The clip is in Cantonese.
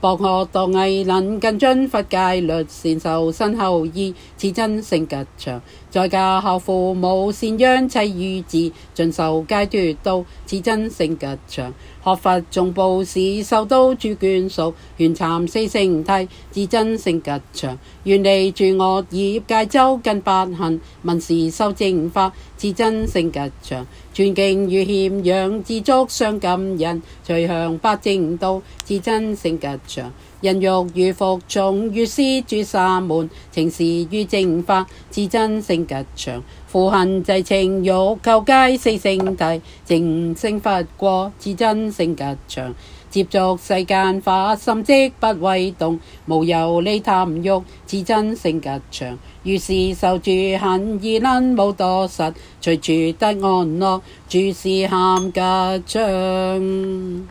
博學多藝能，更遵法戒律善受身後意，此真性格長。在家孝父母，善養妻與子，盡受戒脫道，此真性格長。學佛眾布施，受到諸眷屬，願參四聖諦，此真性格長。願離諸惡業界洲，近百行，問事修正法，此真性格長。尊敬與謙讓，知足相感人，隨向八正道，此真性格。人欲如服眾，愈思主三門；情事於正法，至真性吉祥。符恨制情欲，救濟四聖諦。淨性法國，至真性吉祥。接觸世間法，甚至不為動，無由你貪欲，至真性吉祥。於是受住恨，而能冇多實，隨住得安樂，住事喊吉祥。